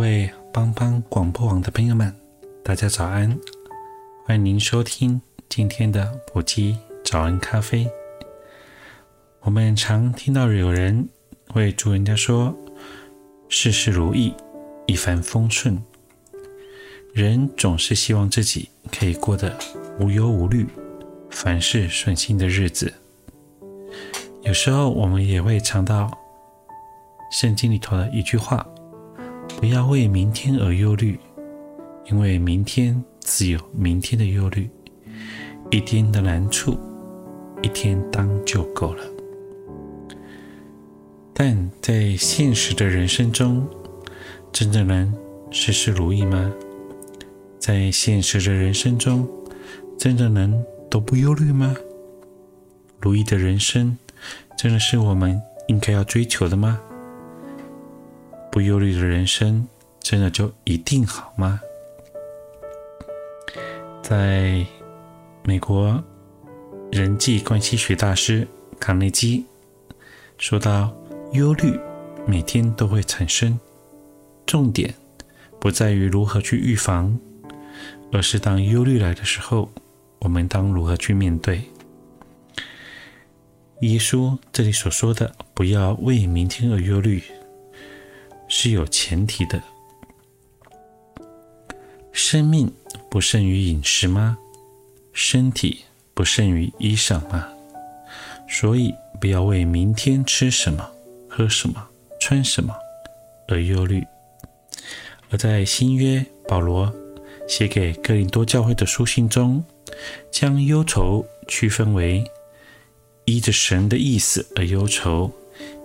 各位幫幫廣播網的朋友們，大家早安！歡迎您收聽今天的《埔基早安咖啡》。我們常聽到有人會祝人家說：“事事如意，一帆風順。”人總是希望自己可以過得無憂無慮，凡事順心的日子。有時候我們也會嘗到聖經裡頭的一句話。不要為明天而憂慮，因為明天自有明天的憂慮。一天的難處，一天當就夠了。但在現實的人生中，真的能事事如意嗎？在現實的人生中，真的能都不憂慮嗎？如意的人生，真的是我們應該要追求的嗎？不憂慮的人生，真的就一定好嗎？在美國，人際關係學大師卡內基說到：憂慮每天都會產生，重點不在於如何去預防，而是當憂慮來的時候，我們當如何去面對。耶穌這裡所說的“不要為明天而憂慮”。是有前提的。生命不勝於飲食嗎？身體不勝於衣裳嗎？所以不要為明天吃什麼、喝什麼、穿什麼而憂慮。而在新約保羅寫給哥林多教會的書信中，將憂愁區分為依着神的意思而憂愁，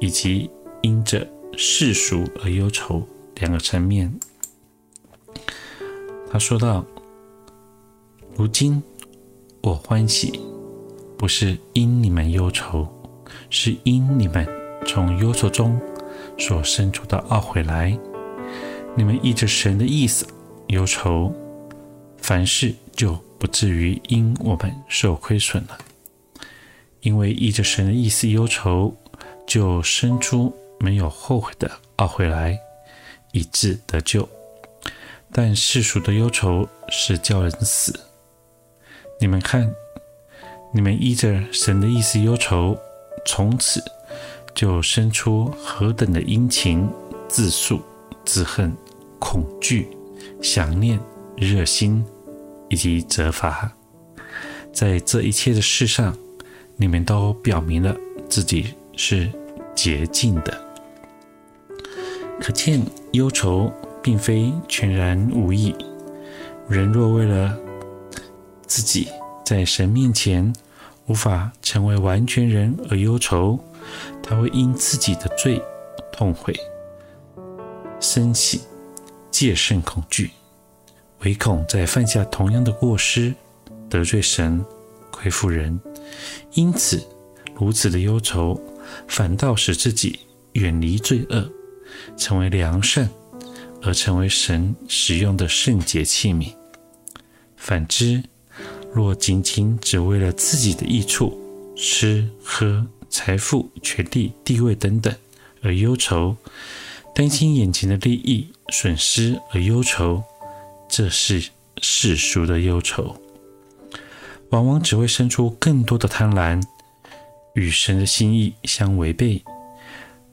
以及因着。世俗而憂愁兩個層面，他說道：“如今我歡喜，不是因你們憂愁，是因你們從憂愁中所生出的懊悔來。你們依着神的意思憂愁，凡事就不至於因我們受虧損了。因為依着神的意思憂愁，就生出。”沒有後悔的懊悔來，以致得救。但世俗的憂愁是叫人死。你們看你們依着神的意思憂愁，從此就生出何等的殷勤、自訴、自恨、恐懼、想念、熱心，以及責罰。在這一切的事上，你們都表明了自己是潔淨的。可見憂愁並非全然無益。人若為了自己在神面前無法成為完全人而憂愁，他會因自己的罪痛悔、生氣、戒慎恐懼，唯恐再犯下同樣的過失，得罪神、虧負人，因此如此的憂愁，反倒使自己遠離罪惡，成為良善，而成為神使用的聖潔器皿。反之，若僅僅只為了自己的益處、吃喝、財富、權力、地位等等而憂愁，擔心眼前的利益損失而憂愁，這是世俗的憂愁。往往只會生出更多的貪婪，與神的心意相違背。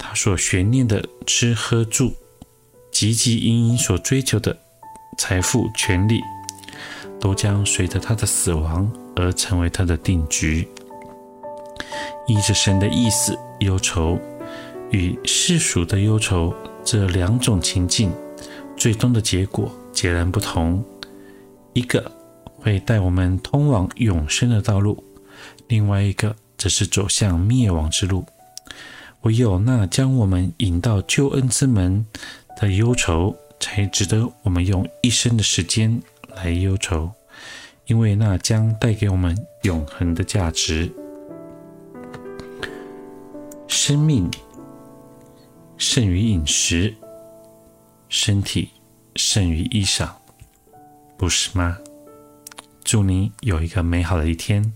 他所懸念的吃喝住，汲汲營營所追求的財富權利，都將隨着他的死亡而成為他的定局。依着神的意思，憂愁與世俗的憂愁這兩種情境，最終的結果截然不同。一個會帶我們通往永生的道路，另外一個則是走向滅亡之路。唯有那將我們引到救恩之門的憂愁，才值得我們用一生的時間來憂愁，因為那將帶給我們永恆的價值。生命勝於飲食，身體勝於衣裳，不是嗎？祝您有一個美好的一天。